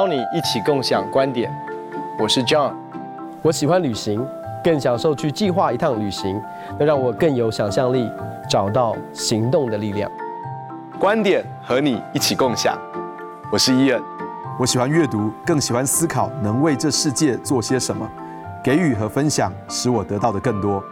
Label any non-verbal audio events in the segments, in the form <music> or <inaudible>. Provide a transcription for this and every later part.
邀你一起共享觀點，我是 John。我喜歡旅行，更享受去計劃一趟旅行，那讓我更有想象力，找到行動的力量。觀點和你一起共享，我是 Ian。我喜歡閱讀，更喜歡思考，能為這世界做些什麼，給予和分享，使我得到的更多。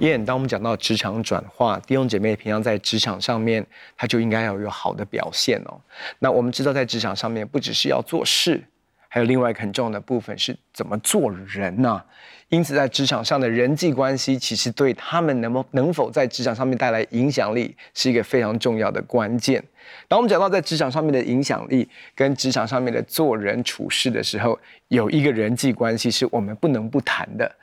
因、yeah, 為當我們講到職場轉化，弟兄姐妹平常在職場上面，他就應該要有好的表現哦。那我們知道，在職場上面，不只是要做事，還有另外一個很重要的部分是怎麼做人呢、啊？因此，在職場上的人際關係，其實對他們能不能否在職場上面帶來影響力，是一個非常重要的關鍵。當我們講到在職場上面的影響力，跟職場上面的做人處事的時候，有一個人際關係是我們不能不談的。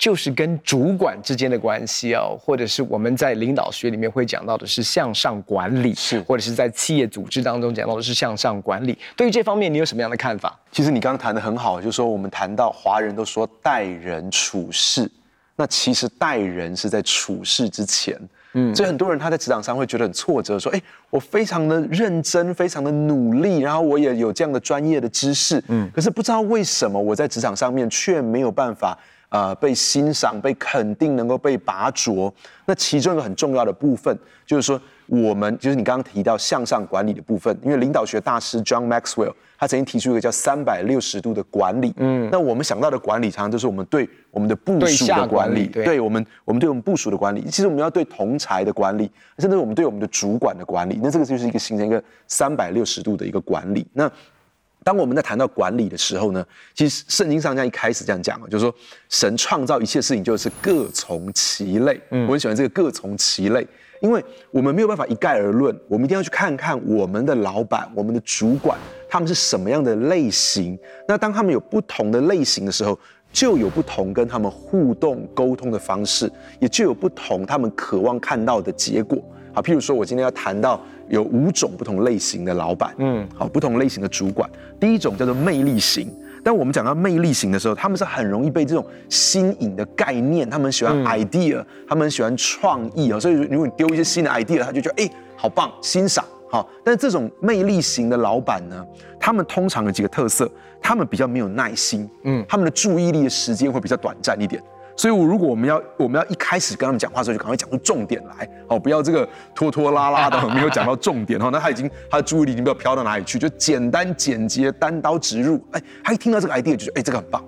就是跟主管之間的關係哦，或者是我們在領導學裡面會講到的是向上管理，是或者是在企業組織當中講到的是向上管理。對於這方面，你有什麼樣的看法？其實你剛剛談得很好，就是說我們談到華人都說待人處事，那其實待人是在處事之前，嗯，所以很多人他在職場上會覺得很挫折，說哎，我非常的認真，非常的努力，然後我也有這樣的專業的知識，嗯，可是不知道為什麼我在職場上面卻沒有辦法。呃，被欣賞、被肯定，能夠被拔擢。那其中一個很重要的部分，就是說，我們就是你剛剛提到向上管理的部分。因為領導學大師 John Maxwell 他曾經提出一個叫三百六十度的管理。嗯。那我們想到的管理，常常都是我們對我們的部屬的管理，對下管理對，對，對我們，我們對我們部屬的管理。其實我們要對同儕的管理，甚至我們對我們的主管的管理。那這個就是一個形成一個三百六十度的一個管理。那。當我們在談到管理的時候呢，其實聖經上這樣一開始這樣講啊，就是說神創造一切事情就是各從其類。我很喜歡這個“各從其類”，因為我們沒有辦法一概而論，我們一定要去看看我們的老闆、我們的主管他們是什麼樣的類型。那當他們有不同的類型的時候，就有不同跟他們互動溝通的方式，也就有不同他們渴望看到的結果。好，譬如說，我今天要談到。有五種不同類型的老板，嗯，好，不同類型的主管。第一種叫做魅力型，當我們講到魅力型的時候，他們是很容易被這種新穎的概念，他們喜歡 idea，嗯，他們喜歡創意啊，所以如果你丟一些新的 idea，他就覺得哎、欸，好棒，欣賞，好。但是這種魅力型的老板呢，他們通常有幾個特色，他們比較沒有耐心，嗯，他們的注意力的時間會比較短暫一點。所以，我如果我們要我們要一開始跟他們講話的時候，就趕快講出重點來，好，不要這個拖拖拉拉的，沒有講到重點，哈，那他已經他的注意力已經不知道飄到哪裡去，就簡單簡潔，單刀直入，哎，他一聽到這個 idea 就覺得，哎，這個很棒。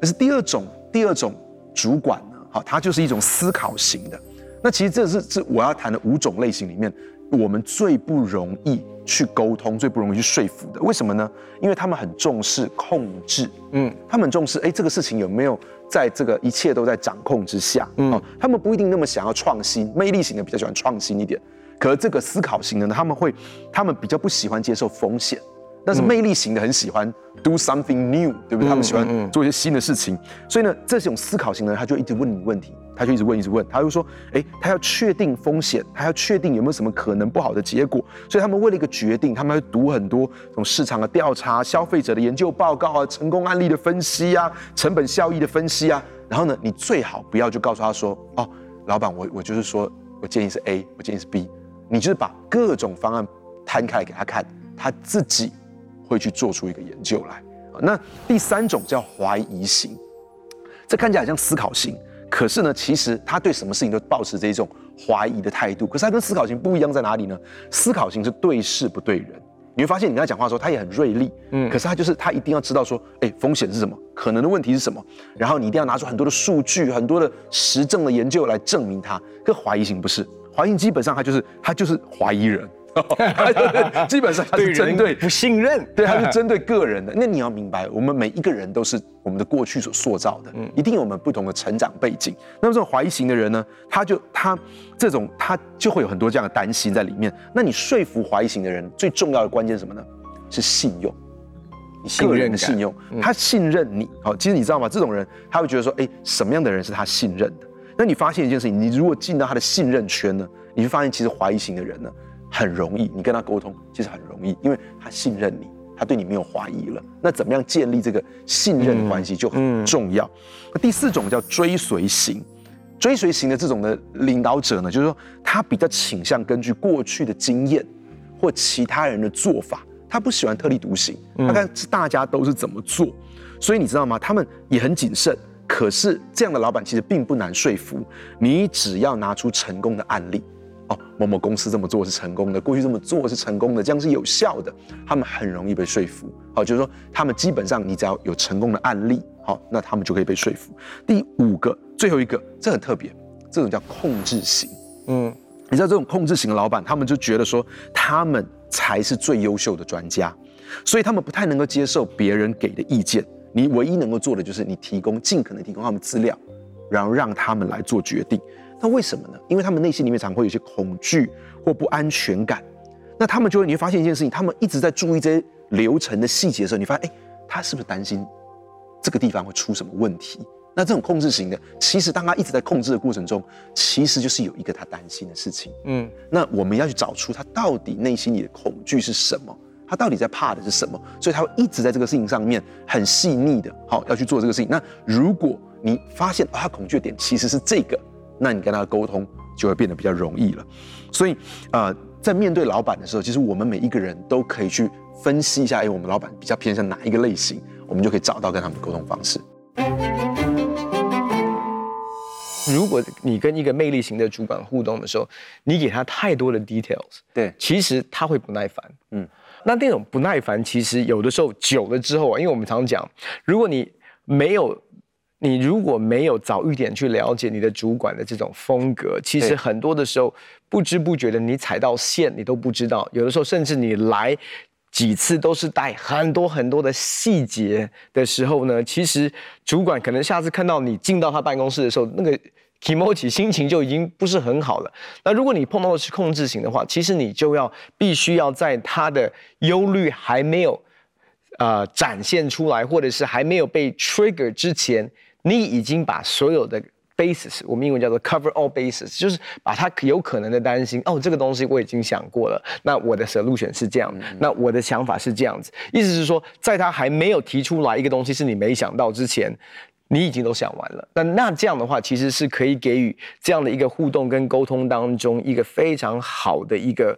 但是第二種，第二種主管呢，好，他就是一種思考型的。那其實這是是我要談的五種類型裡面，我們最不容易去溝通，最不容易去說服的。為什麼呢？因為他們很重視控制，嗯，他們很重視，哎，這個事情有沒有？在這個一切都在掌控之下，嗯，他們不一定那麼想要創新。魅力型的比較喜歡創新一點，可是這個思考型的呢，他們會，他們比較不喜歡接受風險。但是魅力型的很喜歡 do something new，嗯，對不對？嗯，他們喜歡做一些新的事情。嗯，嗯，所以呢，這種思考型的人，他就一直問你問題。他就一直問，一直問，他就說：“哎，他要確定風險，他要確定有沒有什麼可能不好的結果。”所以他們為了一個決定，他們會讀很多從市場的調查、消費者的研究報告啊、成功案例的分析啊、成本效益的分析啊。然後呢，你最好不要就告訴他說：“哦，老闆，我我就是說，我建議是 A，我建議是 B。”你就是把各種方案攤開來給他看，他自己會去做出一個研究來。那第三種叫懷疑型，這看起來像思考型。可是呢，其實他對什麼事情都抱持着一種懷疑的態度。可是他跟思考型不一樣在哪裡呢？思考型是對事不對人，你會發現你跟他講話的時候，他也很銳利。嗯，可是他就是他一定要知道說，哎，風險是什麼，可能的問題是什麼，然後你一定要拿出很多的數據、很多的實證的研究來證明他。可懷疑型不是，懷疑型基本上他就是他就是懷疑人。 <laughs> 對對對，基本上他是針對不信任，對，他是針對個人的。那你要明白，我們每一個人都是我們的過去所塑造的，一定有我們不同的成長背景。那麼這種懷疑型的人呢，他就他這種他就會有很多這樣的擔心在裡面。那你說服懷疑型的人最重要的關鍵是什麼呢？是信用，信任的信用，他信任你。好，其實你知道嗎？這種人他會覺得說，哎，什麼樣的人是他信任的？那你發現一件事情，你如果進到他的信任圈呢，你就發現其實懷疑型的人呢，很容易，你跟他溝通其實很容易，因為他信任你，他對你沒有懷疑了。那怎麼樣建立這個信任關係就很重要。嗯嗯、那第四種叫追隨型，追隨型的這種的領導者呢，就是說他比較傾向根據過去的經驗或其他人的做法，他不喜歡特立獨行，他看大家都是怎麼做。所以你知道嗎？他們也很謹慎，可是這樣的老闆其實並不難說服。你只要拿出成功的案例，哦，某某公司這麼做是成功的，過去這麼做是成功的，這樣是有效的，他們很容易被說服。好、哦，就是說，他們基本上你只要有成功的案例，好、哦，那他們就可以被說服。第五個，最後一個，這很特別，這種叫控制型。嗯，你知道這種控制型的老板，他們就覺得說他們才是最優秀的專家，所以他們不太能夠接受別人給的意見。你唯一能夠做的就是你提供盡可能提供他們資料，然後讓他們來做決定。那為什麼呢？因為他們內心裡面常常會有一些恐懼或不安全感，那他們就會，你會發現一件事情，他們一直在注意這些流程的細節的時候，你發現，哎、欸，他是不是擔心這個地方會出什麼問題？那這種控制型的，其實當他一直在控制的過程中，其實就是有一個他擔心的事情。嗯，那我們要去找出他到底內心裡的恐懼是什麼，他到底在怕的是什麼，所以他會一直在這個事情上面很細膩的，好，要去做這個事情。那如果你發現，啊、哦，他恐懼的點其實是這個。那你跟他溝通就會變得比較容易了，所以，啊、呃，在面對老闆的時候，其實我們每一個人都可以去分析一下，哎、欸，我們老闆比較偏向哪一個類型，我們就可以找到跟他們溝通方式。如果你跟一個魅力型的主管互動的時候，你給他太多的 details，對，其實他會不耐煩，嗯，那那種不耐煩，其實有的時候久了之後啊，因為我們常講，如果你沒有。你如果沒有早一點去了解你的主管的這種風格，其實很多的時候不知不覺的你踩到線，你都不知道。有的時候甚至你來幾次都是帶很多很多的細節的時候呢，其實主管可能下次看到你進到他辦公室的時候，那個 kimochi 心情就已經不是很好了。那如果你碰到的是控制型的話，其實你就要必須要在他的憂慮還沒有呃展現出來，或者是還沒有被 trigger 之前。你已經把所有的 bases，我們英文叫做 cover all bases，就是把它有可能的擔心，哦，這個東西我已經想過了，那我的 solution 是這樣，那我的想法是這樣子，嗯、意思是說，在他還沒有提出來一個東西是你沒想到之前，你已經都想完了。那那這樣的話，其實是可以給予這樣的一個互動跟溝通當中一個非常好的一個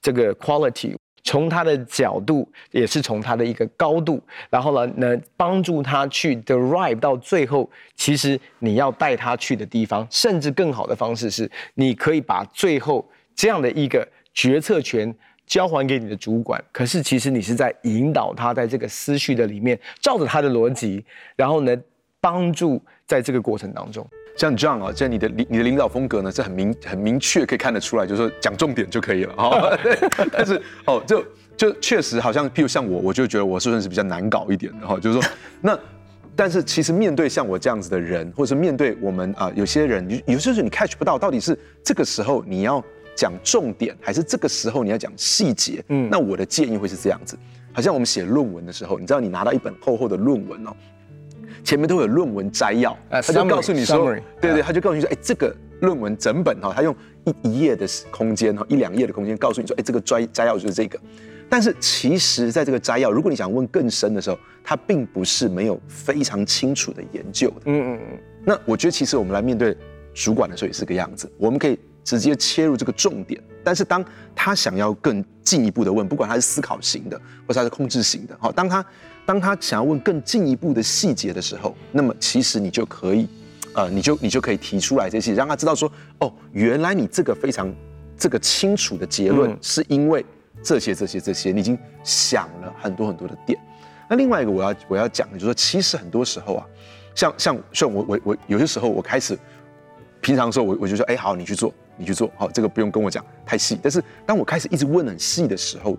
這個 quality。從他的角度，也是從他的一個高度，然後呢，能幫助他去 derive 到最後，其實你要帶他去的地方，甚至更好的方式是，你可以把最後這樣的一個決策權交還給你的主管，可是其實你是在引導他在這個思緒的裡面，照着他的邏輯，然後呢，幫助。在這個過程當中，像 John 啊，這你的領你的領導風格呢，是很明很明確，可以看得出來，就是說講重點就可以了 <laughs> 但是哦，就就確實好像，譬如像我，我就覺得我是算是比較難搞一點的哈。就是說，那但是其實面對像我這樣子的人，或者是面對我們啊有些人，有些時候你 catch 不到，到底是這個時候你要講重點，還是這個時候你要講細節？嗯，那我的建議會是這樣子，好像我們寫論文的時候，你知道你拿到一本厚厚的論文哦。前面都會有論文摘要，他就告訴你說，對對，他就告訴你說，哎，這個論文整本哈，他用一一頁的空間哈，一兩頁的空間告訴你說，哎，這個摘摘要就是這個。但是其實，在這個摘要，如果你想問更深的時候，它並不是沒有非常清楚的研究。嗯嗯嗯。那我覺得，其實我們來面對主管的時候也是個樣子，我們可以直接切入這個重點。但是當他想要更進一步的問，不管他是思考型的，或是他是控制型的，好，當他當他想要問更進一步的細節的時候，那麼其實你就可以，呃，你就你就可以提出來這些，讓他知道說，哦，原來你這個非常這個清楚的結論，是因為這些這些這些，你已經想了很多很多的點。那另外一個我要我要講的就是說，其實很多時候啊，像像像我我我有些時候我開始。平常的時候，我我就說，哎，好，你去做，你去做，好，這個不用跟我講太細。但是當我開始一直問很細的時候，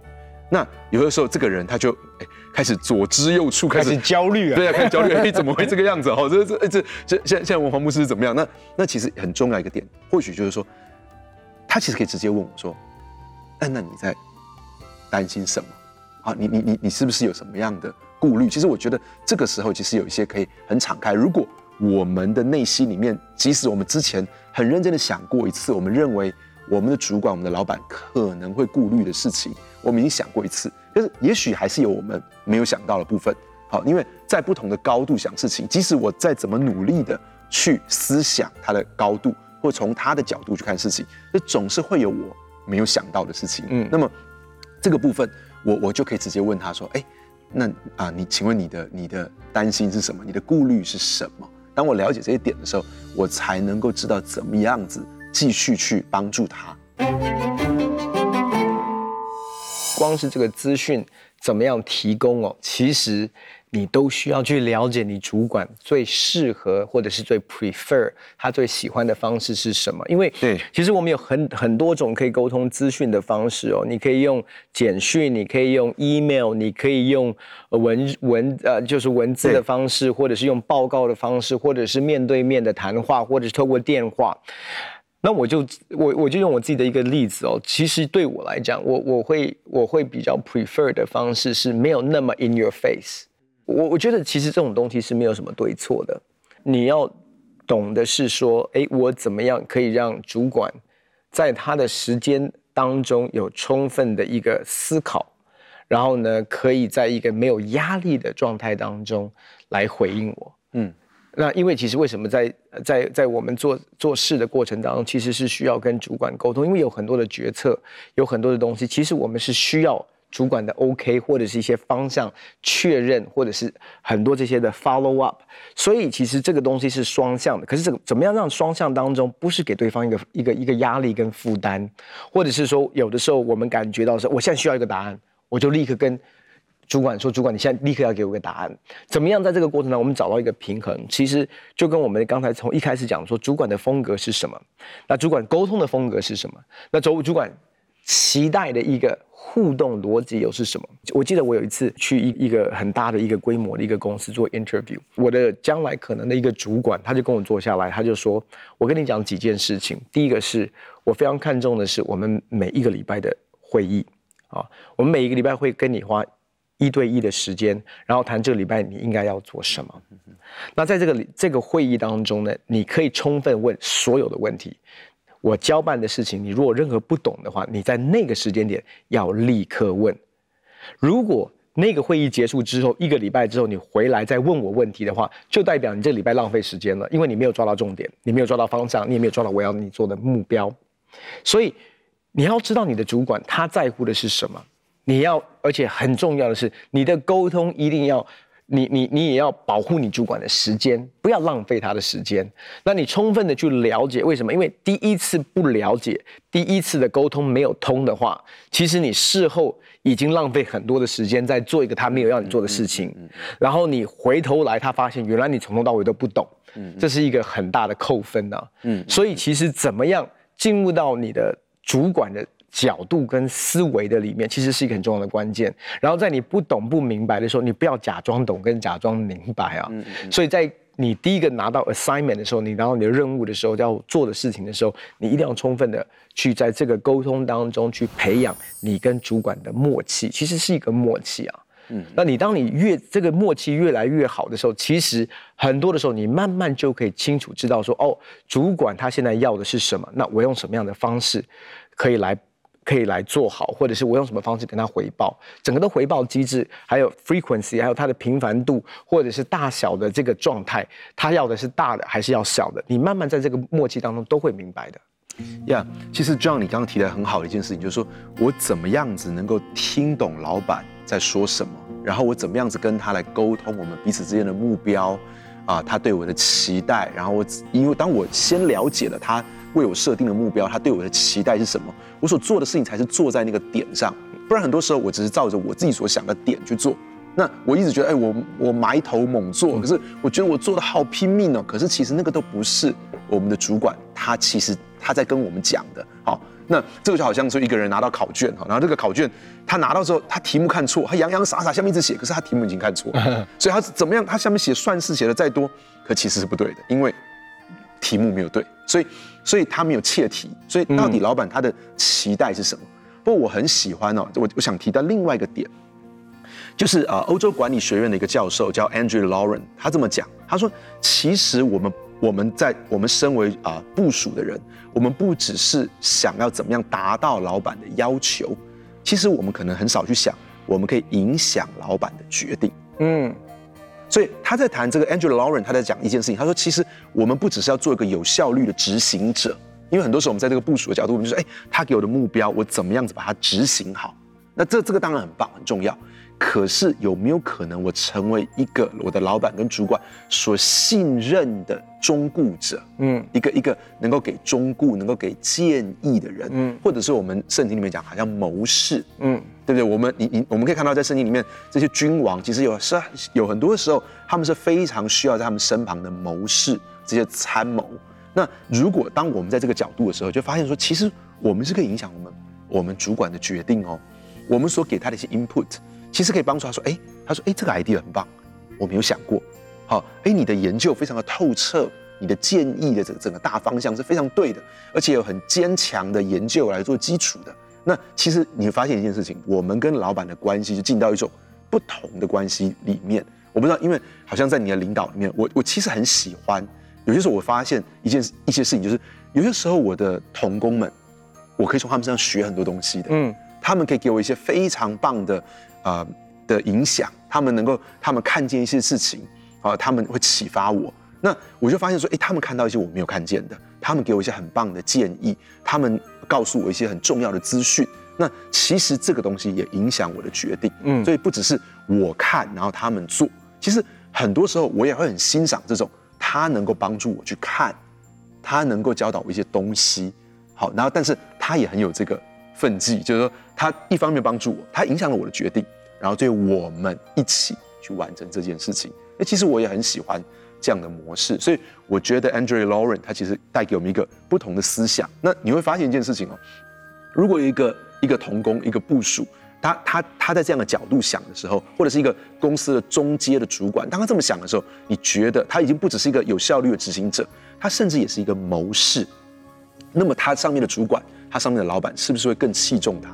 那有的時候這個人他就哎，開始左支右絀，開始焦慮了，對啊，開始焦慮，哎，怎麼會這個樣子？哦，這這這這，現在現在我們黃牧師是怎麼樣？那那其實很重要一個點，或許就是說，他其實可以直接問我說，嗯，那你在擔心什麼？啊，你你你你是不是有什麼樣的顧慮？其實我覺得這個時候其實有一些可以很敞開。如果我們的內心裡面，即使我們之前很認真的想過一次，我們認為我們的主管、我們的老闆可能會顧慮的事情，我們已經想過一次，就是也許還是有我們沒有想到的部分。好，因為在不同的高度想事情，即使我再怎麼努力的去思想他的高度，或從他的角度去看事情，這總是會有我沒有想到的事情。嗯，那麼這個部分，我我就可以直接問他說：“哎，那啊，你請問你的你的擔心是什麼？你的顧慮是什麼？”當我了解這些點的時候，我才能夠知道怎麼樣子繼續去幫助他。光是這個資訊怎麼樣提供哦，其實。你都需要去了解你主管最適合或者是最 prefer 他最喜歡的方式是什麼？因為對，其實我們有很很多種可以溝通資訊的方式哦。你可以用簡訊，你可以用 email，你可以用文文呃，就是文字的方式，或者是用報告的方式，或者是面對面的談話，或者是透過電話。那我就我我就用我自己的一個例子哦。其實對我來講，我我會我會比較 prefer 的方式是沒有那麼 in your face。我我覺得其實這種東西是沒有什麼對錯的，你要懂得是說，誒，我怎麼樣可以讓主管在他的時間當中有充分的一個思考，然後呢，可以在一個沒有壓力的狀態當中來回應我。嗯，那因為其實為什麼在在在，在我們做做事的過程當中，其實是需要跟主管溝通，因為有很多的決策，有很多的東西，其實我們是需要。主管的 OK 或者是一些方向確認，或者是很多這些的 follow up，所以其實這個東西是雙向的。可是怎麼怎麼樣讓雙向當中不是給對方一個一個一個壓力跟負擔，或者是說有的時候我們感覺到說我現在需要一個答案，我就立刻跟主管說：“主管，你現在立刻要給我個答案。”怎麼樣在這個過程當中我們找到一個平衡？其實就跟我們剛才從一開始講說，主管的風格是什麼，那主管溝通的風格是什麼？那周五主管。期待的一個互動邏輯又是什麼？我記得我有一次去一一個很大的一個規模的一個公司做 interview，我的將來可能的一個主管，他就跟我坐下來，他就說：“我跟你講幾件事情。第一個是我非常看重的是我們每一個禮拜的會議，啊，我們每一個禮拜會跟你花一對一的時間，然後談這個禮拜你應該要做什麼。那在這個這個會議當中呢，你可以充分問所有的問題。”我交辦的事情，你如果任何不懂的話，你在那個時間點要立刻問。如果那個會議結束之後一個禮拜之後你回來再問我問題的話，就代表你這禮拜浪費時間了，因為你沒有抓到重點，你沒有抓到方向，你也沒有抓到我要你做的目標。所以，你要知道你的主管他在乎的是什麼。你要，而且很重要的是，你的溝通一定要。你你你也要保護你主管的時間，不要浪費他的時間。那你充分的去了解為什麼？因為第一次不了解，第一次的溝通沒有通的話，其實你事後已經浪費很多的時間在做一個他沒有要你做的事情。嗯嗯嗯嗯。然後你回頭來，他發現原來你從頭到尾都不懂。嗯嗯，這是一個很大的扣分啊，嗯，嗯，嗯，所以其實怎麼樣進入到你的主管的？角度跟思維的裡面，其實是一個很重要的關鍵。然後在你不懂不明白的時候，你不要假裝懂跟假裝明白啊。嗯嗯。所以在你第一個拿到 assignment 的時候，你拿到你的任務的時候，要做的事情的時候，你一定要充分的去在這個溝通當中去培養你跟主管的默契。其實是一個默契啊。嗯。那你當你越這個默契越來越好的時候，其實很多的時候你慢慢就可以清楚知道說，哦，主管他現在要的是什麼，那我用什麼樣的方式可以來。可以來做好，或者是我用什麼方式跟他回報，整個的回報機制，還有 frequency，還有他的頻繁度，或者是大小的這個狀態，他要的是大的還是要小的？你慢慢在這個默契當中都會明白的。呀、yeah，其實 John 你剛剛提的很好的一件事情，就是說我怎麼樣子能夠聽懂老板在說什麼，然後我怎麼樣子跟他來溝通我們彼此之間的目標啊，他對我的期待，然後我因為當我先了解了他。為我設定的目標，他對我的期待是什麼？我所做的事情才是做在那個點上，不然很多時候我只是照着我自己所想的點去做。那我一直覺得，哎、欸，我我埋頭猛做，可是我覺得我做的好拼命哦。可是其實那個都不是我們的主管，他其實他在跟我們講的。好，那這個就好像說一個人拿到考卷，哈，然後這個考卷他拿到之後，他題目看錯，他洋洋灑灑下面一直寫，可是他題目已經看錯了，所以他怎麼樣？他下面寫算式寫的再多，可其實是不對的，因為題目沒有對，所以。所以他沒有切題，所以到底老闆他的期待是什麼？嗯、不過我很喜歡哦，我我想提到另外一個點，就是啊，歐洲管理學院的一個教授叫 André Laurent，他這麼講，他說其實我們我們在我們身為啊部屬的人，我們不只是想要怎麼樣達到老闆的要求，其實我們可能很少去想，我們可以影響老闆的決定。嗯。所以他在談這個 Andrew Lauren 他在講一件事情。他說，其實我們不只是要做一個有效率的執行者，因為很多時候我們在這個部署的角度，我們就說，哎，他給我的目標，我怎麼樣子把它執行好？那這這個當然很棒，很重要。可是有沒有可能我成為一個我的老板跟主管所信任的忠告者？嗯，一個一個能夠給忠告，能夠給建議的人，嗯，或者是我們聖經裡面講好像謀士，嗯，對不對？我們你你我們可以看到在聖經裡面這些君王其實有是有很多的時候他們是非常需要在他們身旁的謀士、這些參謀。那如果當我們在這個角度的時候，就發現說，其實我們是可以影響我們我們主管的決定哦，我們所給他的一些 input，其實可以幫助他說：“欸，他說欸，這個 idea 很棒，我沒有想過。好，欸，你的研究非常的透徹，你的建議的整個大方向是非常對的，而且有很堅強的研究來做基礎的。那其實你會發現一件事情，我們跟老闆的關係就進到一種不同的關係裡面。我不知道，因為好像在你的領導裡面，我我其實很喜歡。有些時候我發現一件一些事情，就是有些時候我的同工們，我可以從他們身上學很多東西的。嗯，他們可以給我一些非常棒的。”呃，的影響，他們能夠，他們看見一些事情，啊，他們會啟發我。那我就發現說，哎，他們看到一些我沒有看見的，他們給我一些很棒的建議，他們告訴我一些很重要的資訊。那其實這個東西也影響我的決定，嗯，所以不只是我看，然後他們做，其實很多時候我也會很欣賞這種，他能夠幫助我去看，他能夠教導我一些東西，好，然後，但是他也很有這個分際，就是說。他一方面幫助我，他影響了我的決定，然後最後我們一起去完成這件事情。哎，其實我也很喜歡這樣的模式，所以我覺得 Andrew Lauren 他其實帶給我們一個不同的思想。那你會發現一件事情哦，如果一個一個同工、一個部屬，他他他在這樣的角度想的時候，或者是一個公司的中階的主管，當他這麼想的時候，你覺得他已經不只是一個有效率的執行者，他甚至也是一個謀士。那麼他上面的主管，他上面的老闆是不是會更器重他？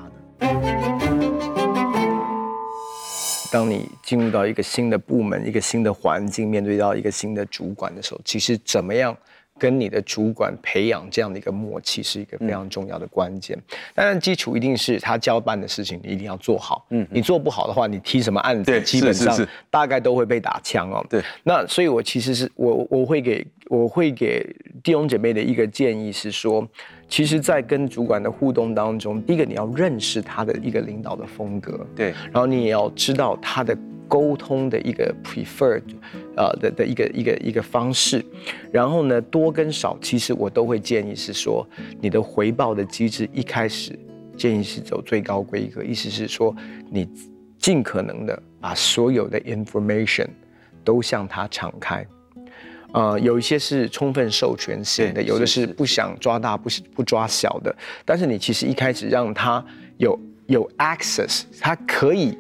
當你進入到一個新的部門、一個新的環境，面對到一個新的主管的時候，其實怎麼樣？跟你的主管培養這樣的一個默契是一個非常重要的關鍵。當然，基礎一定是他交辦的事情，你一定要做好。嗯，你做不好的話，你提什麼案子，基本上大概都會被打槍哦。對，那所以我其實是我我會給我會給弟兄姐妹的一個建議是說，其實，在跟主管的互動當中，第一個你要認識他的一個領導的風格，對，然後你也要知道他的。溝通的一個 preferred、呃、的的一個一個一個方式，然後呢，多跟少，其實我都會建議是說，你的回報的機制一開始建議是走最高規格，意思是說你盡可能的把所有的 information 都向他敞開，啊、呃，有一些是充分授權型的，有的是不想抓大不不抓小的，但是你其實一開始讓他有有 access，他可以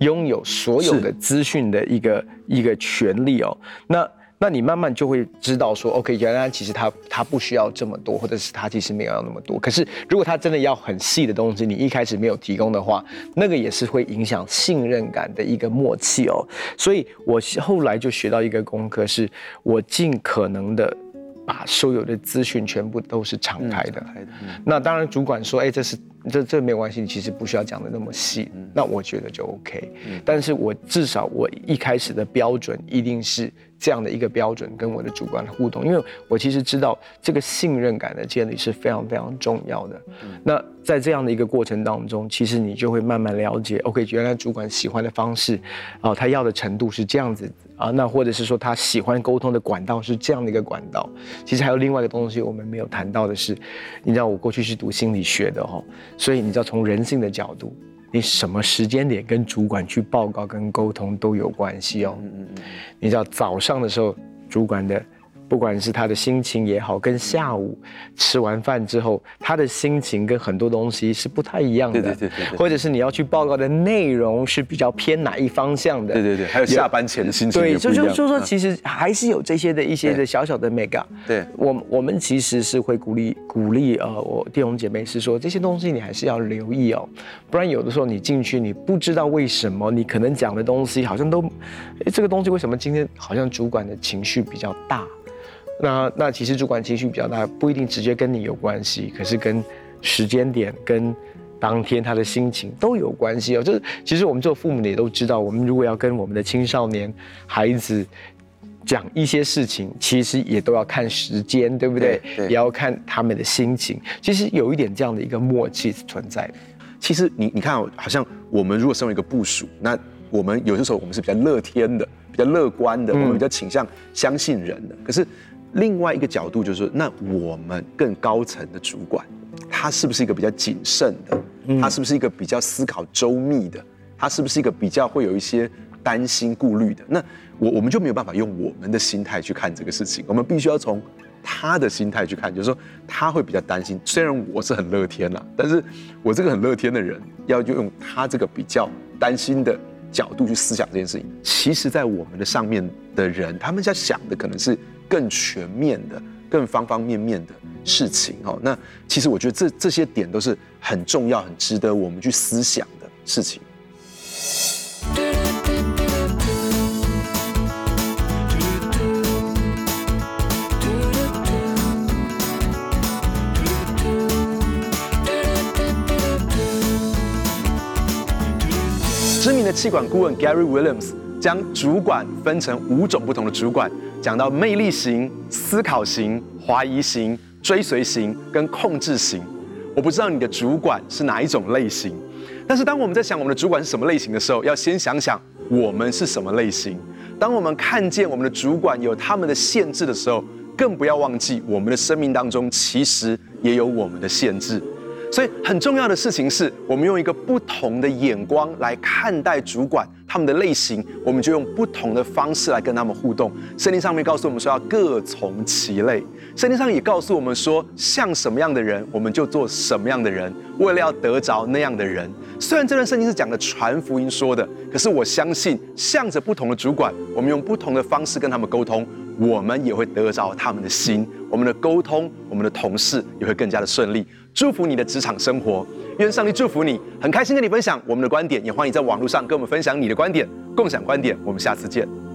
擁有所有的資訊的一個一個權利哦，那那你慢慢就會知道說，OK，原來其實他他不需要這麼多，或者是他其實沒有要那麼多。可是如果他真的要很細的東西，你一開始沒有提供的話，那個也是會影響信任感的一個默契哦。所以我後來就學到一個功課是我盡可能的。把所有的資訊全部都是敞開的，嗯，敞開的嗯，那當然主管說，哎、欸，這是這這沒關係，你其實不需要講的那麼細、嗯，那我覺得就 OK、嗯。但是我至少我一開始的標準一定是這樣的一個標準，跟我的主管的互動，因為我其實知道這個信任感的建立是非常非常重要的。嗯、那在這樣的一個過程當中，其實你就會慢慢了解，OK，原來主管喜歡的方式，哦，他要的程度是這樣子。啊，那或者是說他喜歡溝通的管道是這樣的一個管道。其實還有另外一個東西我們沒有談到的是，你知道我過去是讀心理學的哈，所以你知道從人性的角度，你什麼時間點跟主管去報告跟溝通都有關係哦。嗯嗯嗯。你知道早上的時候主管的。不管是他的心情也好，跟下午吃完飯之後他的心情跟很多東西是不太一樣的。對對對、對。或者是你要去報告的內容是比較偏哪一方向的。對對對。還有下班前的心情也好。對，就就就說其實還是有這些的一些的小小的 Mega。對、對。我我們其實是會鼓勵鼓勵呃，我弟兄姐妹是說這些東西你還是要留意哦，不然有的時候你進去你不知道為什麼你可能講的東西好像都、欸，這個東西為什麼今天好像主管的情緒比較大？那那其實主管情緒比較大，不一定直接跟你有關係，可是跟時間點、跟當天他的心情都有關係哦。就是其實我們做父母的也都知道，我們如果要跟我們的青少年孩子講一些事情，其實也都要看時間，對不對？對，對。也要看他們的心情。其實有一點這樣的一個默契存在。其實你你看，好像我們如果身為一個部屬，那我們有些時候我們是比較樂天的，比較樂觀的，我們比較傾向相信人的，嗯。可是。另外一個角度就是，那我們更高層的主管，他是不是一個比較謹慎的？他是不是一個比較思考周密的？他是不是一個比較會有一些擔心顧慮的？那我我們就沒有辦法用我們的心態去看這個事情，我們必須要從他的心態去看，就是說他會比較擔心。雖然我是很樂天了，啊，但是我這個很樂天的人，要用他這個比較擔心的角度去思想這件事情。其實，在我們的上面的人，他們在想的可能是。更全面的，更方方面面的事情哦。那其實我覺得這這些點都是很重要、很值得我們去思想的事情。知名的企管顧問 Gary Williams 將主管分成五種不同的主管。講到魅力型、思考型、懷疑型、追隨型跟控制型，我不知道你的主管是哪一種類型。但是當我們在想我們的主管是什麼類型的時候，要先想想我們是什麼類型。當我們看見我們的主管有他們的限制的時候，更不要忘記我們的生命當中其實也有我們的限制。所以很重要的事情是，我們用一個不同的眼光來看待主管他們的類型，我們就用不同的方式來跟他們互動。聖經上面告訴我們說要各從其類，聖經上也告訴我們說，像什麼樣的人，我們就做什麼樣的人，為了要得着那樣的人。雖然這段聖經是講的傳福音說的，可是我相信，向着不同的主管，我們用不同的方式跟他們溝通。我們也會得到他們的心，我們的溝通，我們的同事也會更加的順利。祝福你的職場生活，願上帝祝福你。很開心跟你分享我們的觀點，也歡迎在網絡上跟我們分享你的觀點，共享觀點。我們下次見。